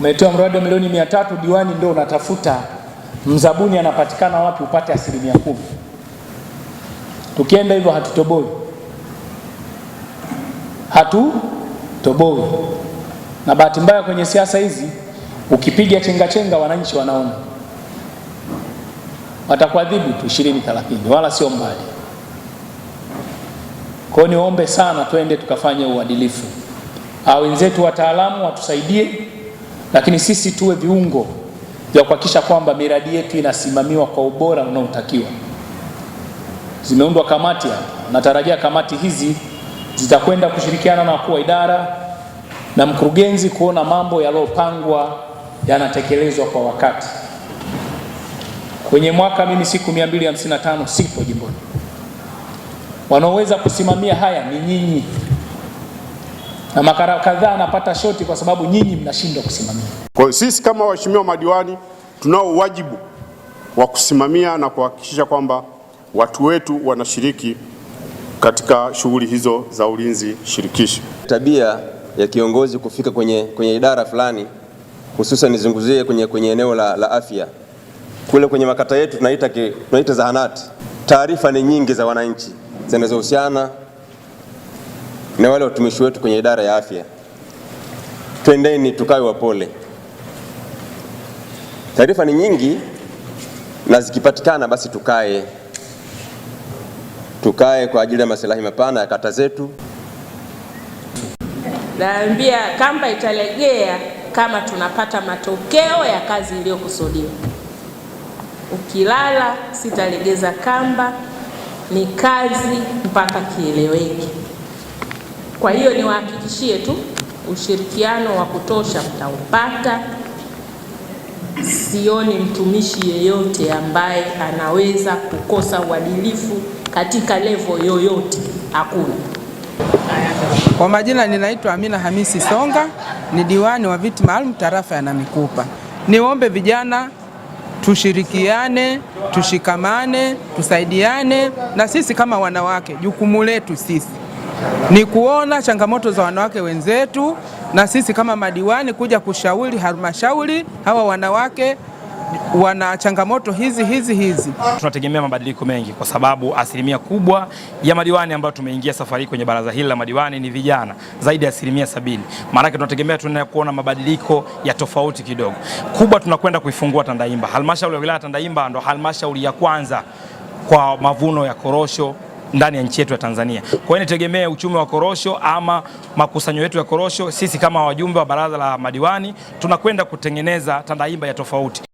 umetoa mradi wa milioni mia tatu, diwani ndio unatafuta mzabuni anapatikana wapi upate asilimia kumi. Tukienda hivyo hatutoboi, hatutoboi. Na bahati mbaya kwenye siasa hizi ukipiga chenga chenga, wananchi wanaona, watakuadhibu tu ishirini thelathini, wala sio mbali. Kwa hiyo niombe sana, twende tukafanye uadilifu, wenzetu wataalamu watusaidie lakini sisi tuwe viungo vya kuhakikisha kwamba miradi yetu inasimamiwa kwa ubora unaotakiwa. Zimeundwa kamati hapa, natarajia kamati hizi zitakwenda kushirikiana na wakuu wa idara na mkurugenzi kuona mambo yaliyopangwa yanatekelezwa kwa wakati. Kwenye mwaka mimi siku 255 sipo jimboni, wanaoweza kusimamia haya ni nyinyi na makara kadhaa anapata shoti kwa sababu nyinyi mnashindwa kusimamia. Kwa hiyo sisi kama waheshimiwa madiwani tunao wajibu wa kusimamia na kuhakikisha kwamba watu wetu wanashiriki katika shughuli hizo za ulinzi shirikishi. Tabia ya kiongozi kufika kwenye, kwenye idara fulani hususan nizunguzie kwenye, kwenye eneo la, la afya kule kwenye makata yetu tunaita, tunaita zahanati. Taarifa ni nyingi za wananchi zinazohusiana na wale watumishi wetu kwenye idara ya afya, twendeni tukawe wapole. Taarifa ni nyingi na zikipatikana basi tukae tukae kwa ajili ya maslahi mapana ya kata zetu. Naambia kamba italegea kama tunapata matokeo ya kazi iliyokusudiwa. Ukilala sitalegeza kamba, ni kazi mpaka kieleweke. Kwa hiyo niwahakikishie tu ushirikiano wa kutosha mtaupata. Sioni mtumishi yeyote ambaye anaweza kukosa uadilifu katika levo yoyote, hakuna. Kwa majina, ninaitwa Amina Hamisi Songa, ni diwani wa viti maalum tarafa ya Namikupa. Niombe vijana tushirikiane, tushikamane, tusaidiane, na sisi kama wanawake, jukumu letu sisi ni kuona changamoto za wanawake wenzetu na sisi kama madiwani kuja kushauri halmashauri hawa wanawake wana changamoto hizi hizi hizi. Tunategemea mabadiliko mengi, kwa sababu asilimia kubwa ya madiwani ambayo tumeingia safari kwenye baraza hili la madiwani ni vijana zaidi ya asilimia sabini. Maanake tunategemea tunaenda kuona mabadiliko ya tofauti kidogo kubwa. Tunakwenda kuifungua Tandaimba, halmashauri ya wilaya Tandaimba ndo halmashauri ya kwanza kwa mavuno ya korosho ndani ya nchi yetu ya Tanzania. Kwa hiyo nitegemee uchumi wa korosho ama makusanyo yetu ya korosho, sisi kama wajumbe wa baraza la madiwani tunakwenda kutengeneza tandaimba ya tofauti.